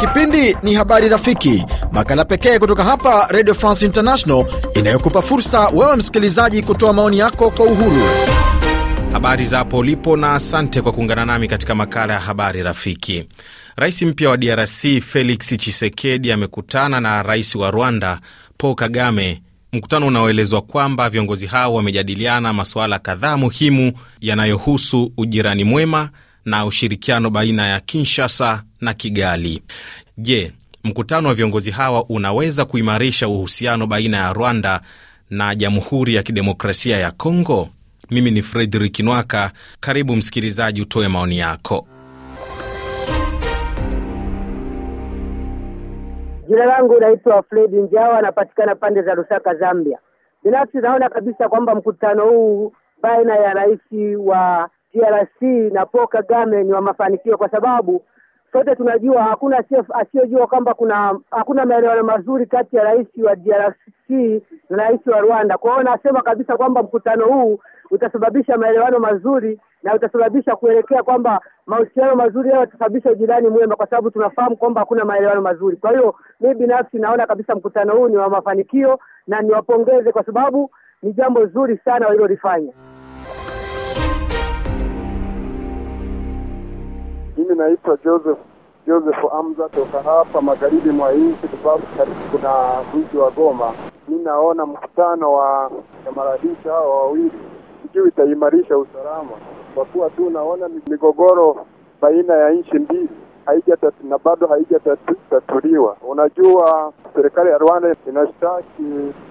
Kipindi ni Habari Rafiki, makala pekee kutoka hapa Radio France International inayokupa fursa wewe msikilizaji kutoa maoni yako kwa uhuru. Habari za hapo ulipo na asante kwa kuungana nami katika makala ya Habari Rafiki. Rais mpya wa DRC Felix Tshisekedi amekutana na rais wa Rwanda Paul Kagame Mkutano unaoelezwa kwamba viongozi hao wamejadiliana masuala kadhaa muhimu yanayohusu ujirani mwema na ushirikiano baina ya Kinshasa na Kigali. Je, mkutano wa viongozi hawa unaweza kuimarisha uhusiano baina ya Rwanda na Jamhuri ya Kidemokrasia ya Kongo? Mimi ni Fredrik Nwaka, karibu msikilizaji, utoe maoni yako. Jina langu naitwa Fred Njawa, anapatikana pande za Lusaka, Zambia. Binafsi naona kabisa kwamba mkutano huu baina ya rais wa DRC na Paul Kagame ni wa mafanikio, kwa sababu sote tunajua hakuna asiyejua kwamba kuna hakuna maelewano mazuri kati ya rais wa DRC na rais wa Rwanda. Kwa hiyo nasema kabisa kwamba mkutano huu utasababisha maelewano mazuri na utasababisha kuelekea kwamba mahusiano mazuri yao yatasababisha ujirani mwema, kwa sababu tunafahamu kwamba hakuna maelewano mazuri. Kwa hiyo mi binafsi naona kabisa mkutano huu ni wa mafanikio na niwapongeze kwa sababu ni jambo zuri sana walilolifanya. Mimi naitwa Joseph Joseph Amza toka hapa magharibi mwa nchi, sababu karibu kuna mji wa Goma. Mi naona mkutano wa maradisha hawa wawili, sijui itaimarisha usalama kwa kuwa tu unaona migogoro baina ya nchi mbili haijatatu na bado haijatatuliwa. Unajua, serikali ya Rwanda inashtaki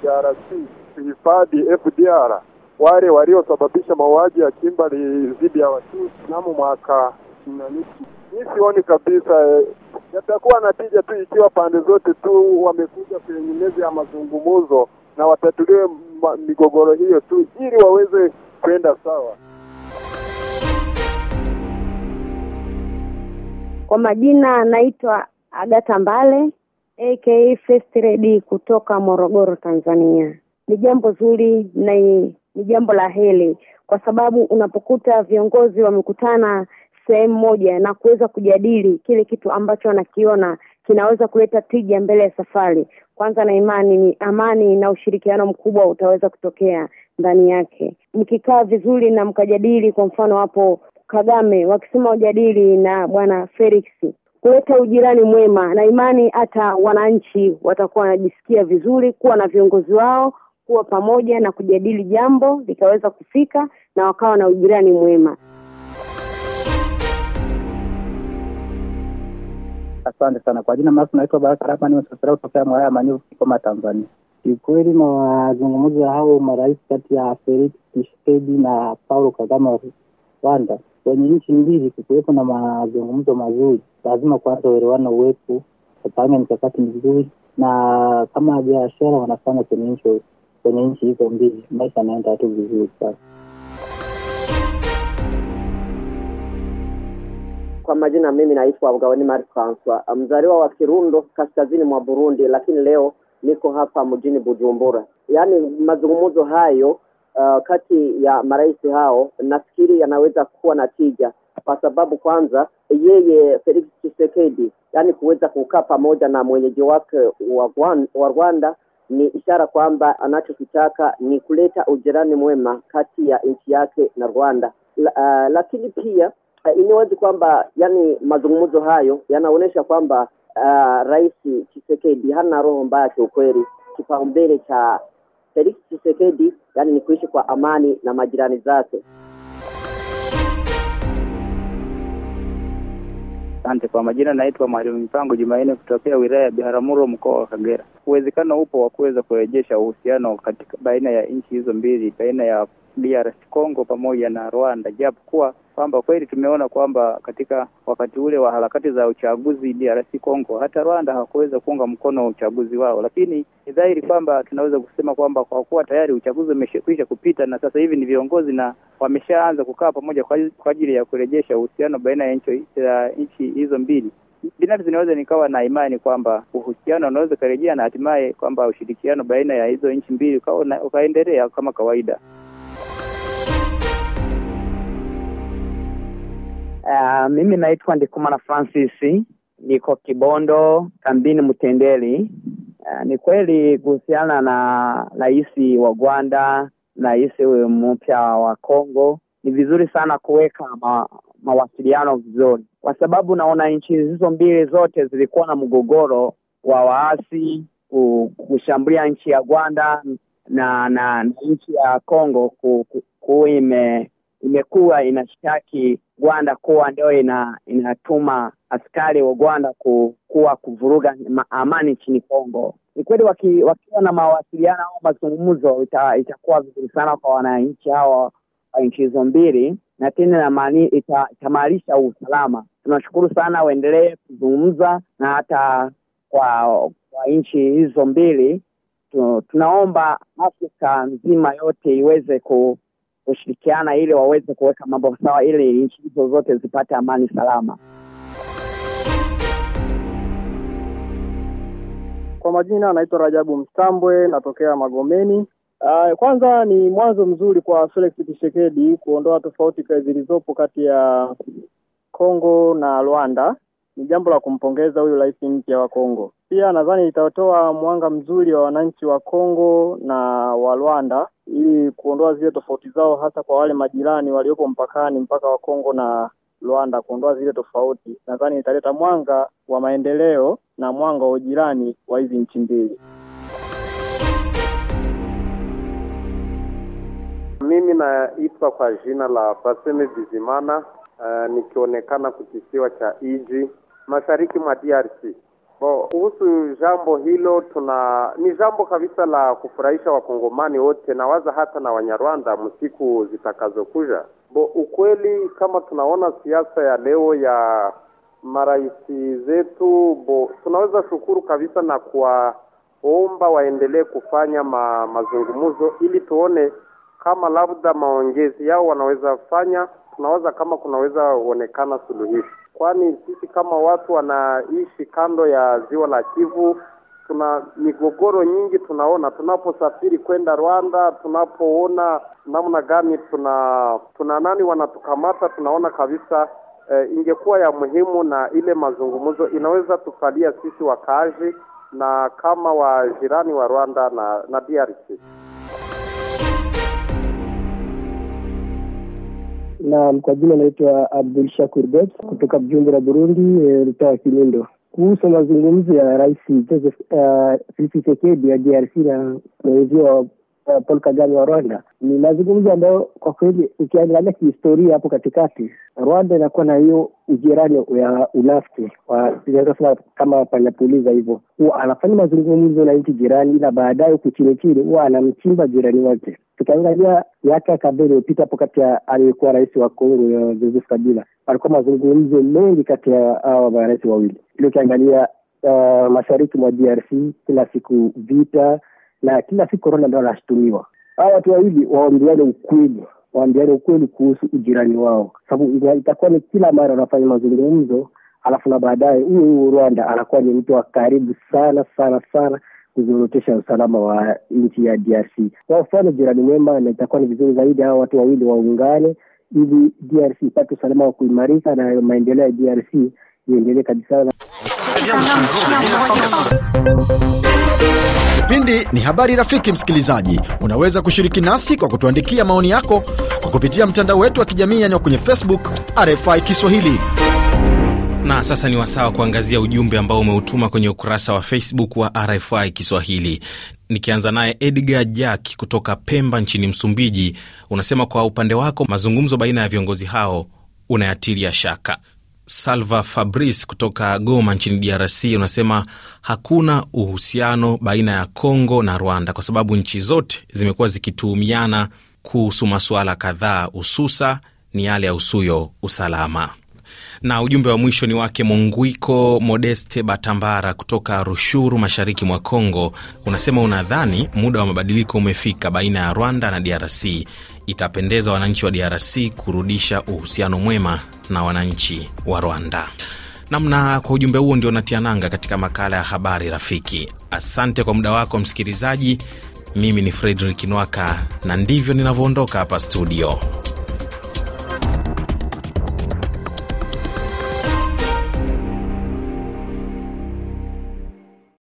DRC kuhifadhi FDR, wale waliosababisha mauaji ya kimbali dhidi ya Watutsi mnamo mwaka mi sioni kabisa eh, yatakuwa na tija tu ikiwa pande zote tu wamekuja kwenye meza ya mazungumzo na watatuliwe migogoro hiyo tu ili waweze kwenda sawa. Kwa majina anaitwa Agata Mbale aka First Lady kutoka Morogoro, Tanzania. Ni jambo zuri na ni jambo la heri, kwa sababu unapokuta viongozi wamekutana sehemu moja na kuweza kujadili kile kitu ambacho wanakiona kinaweza kuleta tija mbele ya safari, kwanza na imani ni amani na ushirikiano mkubwa utaweza kutokea ndani yake, mkikaa vizuri na mkajadili. Kwa mfano hapo Kagame wakisema ujadili na bwana Felix kuleta ujirani mwema, na imani hata wananchi watakuwa wanajisikia vizuri kuwa na viongozi wao kuwa pamoja na kujadili jambo likaweza kufika na wakawa na ujirani mwema. Asante sana kwa jina maarufu, naitwa Baraka Rabani Msasara kutokea Mwaya Manyevu, Kigoma, Tanzania. Kiukweli, mazungumzo hao marais kati ya Felix Tshisekedi na Paulo Kagame wa Rwanda kwenye nchi mbili kukuwepo na mazungumzo mazuri, lazima kwanza uelewano uwepo, wapange mikakati mizuri, na kama biashara wanafanya kwenye nchi kwenye nchi hizo mbili, maisha yanaenda tu vizuri sana. Kwa majina mimi naitwa Ugawani Mari Francois, mzaliwa wa Kirundo kaskazini mwa Burundi, lakini leo niko hapa mjini Bujumbura. Yaani mazungumzo hayo uh, kati ya marais hao nafikiri yanaweza kuwa na tija, kwa sababu kwanza yeye Felix Tshisekedi, yani kuweza kukaa pamoja na mwenyeji wake wa Rwanda ni ishara kwamba anachokitaka ni kuleta ujirani mwema kati ya nchi yake na Rwanda. La, uh, lakini pia uh, ni wazi kwamba yani mazungumzo hayo yanaonyesha kwamba uh, Rais Tshisekedi hana roho mbaya kiukweli. Kipaumbele cha Felix Tshisekedi, yani ni kuishi kwa amani na majirani zake. Asante. Kwa majina naitwa Mwalimu Mpango Jumanne kutokea wilaya ya Biharamulo mkoa wa Kagera. Uwezekano upo wa kuweza kurejesha uhusiano katika baina ya nchi hizo mbili, baina ya DRC Congo pamoja na Rwanda, japo kuwa kwamba kweli tumeona kwamba katika wakati ule wa harakati za uchaguzi DRC Congo, hata Rwanda hawakuweza kuunga mkono uchaguzi wao, lakini ni dhahiri kwamba tunaweza kusema kwamba kwa kuwa tayari uchaguzi umeshakwisha kupita na sasa hivi ni viongozi na wameshaanza kukaa pamoja kwa ajili ya kurejesha uhusiano baina ya nchi hizo mbili, binafsi inaweza nikawa na imani kwamba uhusiano unaweza ukarejea na hatimaye kwamba ushirikiano baina ya hizo nchi mbili ukaendelea kama kawaida. Uh, mimi naitwa Ndikumana Francis, niko Kibondo kambini Mtendeli. Uh, eh, ni kweli kuhusiana na rais wa Rwanda, rais mpya wa Kongo, ni vizuri sana kuweka ma, mawasiliano vizuri, kwa sababu naona nchi hizo mbili zote zilikuwa na mgogoro wa waasi kushambulia nchi ya Rwanda na na, na nchi ya Kongo ku, ku, ku ime imekuwa inashtaki Gwanda kuwa ndio ina, inatuma askari wa Gwanda ku, kuwa kuvuruga amani nchini Kongo. Ni kweli wakiwa waki na mawasiliano au mazungumzo ita, itakuwa vizuri sana kwa wananchi hawa wa nchi hizo mbili, na tena ita, itamarisha usalama. Tunashukuru sana, waendelee kuzungumza na hata kwa, kwa nchi hizo mbili tunaomba Afrika nzima yote iweze ku kushirikiana ili waweze kuweka mambo sawa, ili nchi hizo zote zipate amani salama. Kwa majina anaitwa Rajabu Mstambwe, natokea Magomeni. Uh, kwanza ni mwanzo mzuri kwa Felix Tshisekedi kuondoa tofauti zilizopo kati ya Kongo na Rwanda ni jambo la kumpongeza huyu rais mpya wa Kongo. Pia nadhani itatoa mwanga mzuri wa wananchi wa Kongo na wa Rwanda ili kuondoa zile tofauti zao, hasa kwa wale majirani waliopo mpakani, mpaka wa Kongo na Rwanda, kuondoa zile tofauti. Nadhani italeta mwanga wa maendeleo na mwanga wa ujirani wa hizi nchi mbili. Mimi naitwa kwa jina la Baseme Bizimana, uh, nikionekana kukisiwa cha Iji mashariki mwa DRC. Bo, kuhusu jambo hilo tuna ni jambo kabisa la kufurahisha wakongomani wote na waza hata na Wanyarwanda msiku zitakazokuja. Bo, ukweli kama tunaona siasa ya leo ya maraisi zetu, bo, tunaweza shukuru kabisa na kuwaomba waendelee kufanya ma, mazungumzo ili tuone kama labda maongezi yao wanaweza fanya tunawaza kama kunaweza onekana suluhisho, kwani sisi kama watu wanaishi kando ya ziwa la Kivu tuna migogoro nyingi tunaona tunaposafiri kwenda Rwanda, tunapoona namna gani tuna tuna nani wanatukamata, tunaona kabisa e, ingekuwa ya muhimu na ile mazungumzo inaweza tufalia sisi wakaazi na kama wajirani wa Rwanda na, na DRC. Naam, kwa jina naitwa Abdul Shakur Bet kutoka Bujumbura, Burundi, mtaa wa Kinindo. Kuhusu mazungumzo ya Rais Joseph uh, Tshisekedi ya DRC na wa uh, Paul Kagame wa Rwanda ni mazungumzo ambayo kwa kweli ukiangalia kihistoria hapo katikati, Rwanda inakuwa na hiyo ujirani ya unafiki inawezasema kama panyapuliza hivyo, huwa anafanya mazungumzo na nchi jirani, ila baadaye huku chini chini huwa anamchimba jirani wake. Tukiangalia miaka ya kadhaa iliyopita hapo kati ya aliyekuwa rais wa Kongo eh, Joseph Kabila, alikuwa mazungumzo mengi kati ya hawa marais wawili. Ili ukiangalia uh, mashariki mwa DRC kila siku vita na kila siku Rwanda ndo anashutumiwa. Hawa watu wawili waambiane ukweli, waambiane ukweli kuhusu ujirani wao, sababu itakuwa ni kila mara wanafanya mazungumzo, alafu na baadaye huyo huyo Rwanda anakuwa ni mtu wa karibu sana sana sana kuzorotesha usalama wa nchi ya DRC. mfano jirani mwema, na itakuwa ni vizuri zaidi hawa watu wawili waungane ili DRC ipate usalama wa kuimarika na maendeleo ya DRC iendelee kabisa. Kipindi ni habari rafiki. Msikilizaji, unaweza kushiriki nasi kwa kutuandikia maoni yako kwa kupitia mtandao wetu wa kijamii yaani kwenye Facebook RFI Kiswahili. Na sasa ni wasawa kuangazia ujumbe ambao umeutuma kwenye ukurasa wa Facebook wa RFI Kiswahili. Nikianza naye Edgar Jack kutoka Pemba nchini Msumbiji, unasema kwa upande wako mazungumzo baina ya viongozi hao unayatilia shaka. Salva Fabrice kutoka Goma nchini DRC unasema hakuna uhusiano baina ya congo na Rwanda kwa sababu nchi zote zimekuwa zikituhumiana kuhusu masuala kadhaa, hususa ni yale ya usuyo usalama. Na ujumbe wa mwisho ni wake Munguiko Modeste Batambara kutoka Rushuru, mashariki mwa congo Unasema unadhani muda wa mabadiliko umefika baina ya Rwanda na DRC. Itapendeza wananchi wa DRC kurudisha uhusiano mwema na wananchi wa Rwanda. Namna kwa ujumbe huo ndio natia nanga katika makala ya habari rafiki. Asante kwa muda wako msikilizaji. Mimi ni Fredrik Nwaka na ndivyo ninavyoondoka hapa studio.